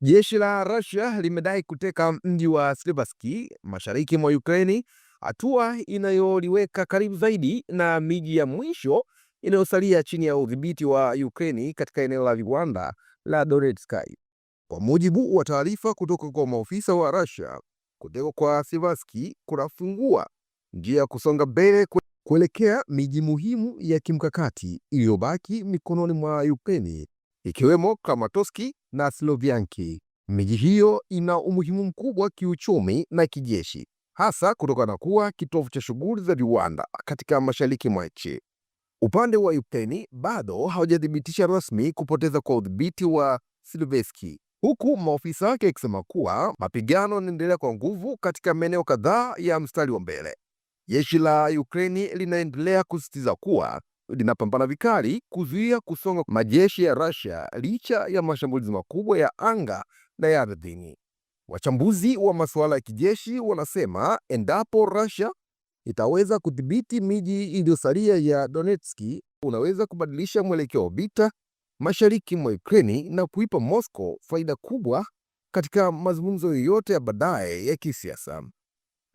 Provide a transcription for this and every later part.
Jeshi la Russia limedai kuteka mji wa Siversk mashariki mwa Ukraine, hatua inayoliweka karibu zaidi na miji ya mwisho inayosalia chini ya udhibiti wa Ukraine katika eneo la viwanda la Donetsk. Kwa mujibu wa taarifa kutoka kwa maofisa wa Russia, kutekwa kwa Siversk kunafungua njia ya kusonga mbele kuelekea miji muhimu ya kimkakati iliyobaki mikononi mwa Ukraine ikiwemo Kramatorsk na Slovianki. Miji hiyo ina umuhimu mkubwa kiuchumi na kijeshi, hasa kutokana na kuwa kitovu cha shughuli za viwanda katika mashariki mwa nchi. Upande wa Ukraine bado haujathibitisha rasmi kupoteza kwa udhibiti wa silveski huku maofisa wake akisema kuwa mapigano yanaendelea kwa nguvu katika maeneo kadhaa ya mstari wa mbele. Jeshi la Ukraine linaendelea kusisitiza kuwa linapambana vikali kuzuia kusonga majeshi ya Russia licha ya mashambulizi makubwa ya anga na ya ardhini. Wachambuzi wa masuala ya kijeshi wanasema endapo Russia itaweza kudhibiti miji iliyosalia ya Donetsk, unaweza kubadilisha mwelekeo wa vita mashariki mwa Ukraine na kuipa Moscow faida kubwa katika mazungumzo yoyote ya baadaye ya kisiasa.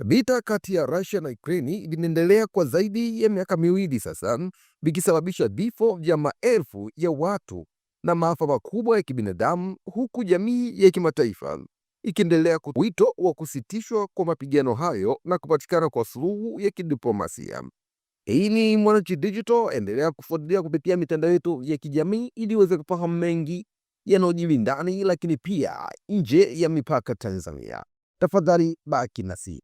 Vita kati ya Russia na Ukraine vinaendelea kwa zaidi ya miaka miwili sasa, vikisababisha vifo vya maelfu ya watu na maafa makubwa ya kibinadamu, huku jamii ya kimataifa ikiendelea kutoa wito wa kusitishwa kwa mapigano hayo na kupatikana kwa suluhu ya kidiplomasia. Hii ni Mwananchi Digital, endelea kufuatilia kupitia mitandao yetu ya kijamii ili uweze kufahamu mengi yanayojiri ndani, lakini pia nje ya mipaka Tanzania. Tafadhali baki nasi.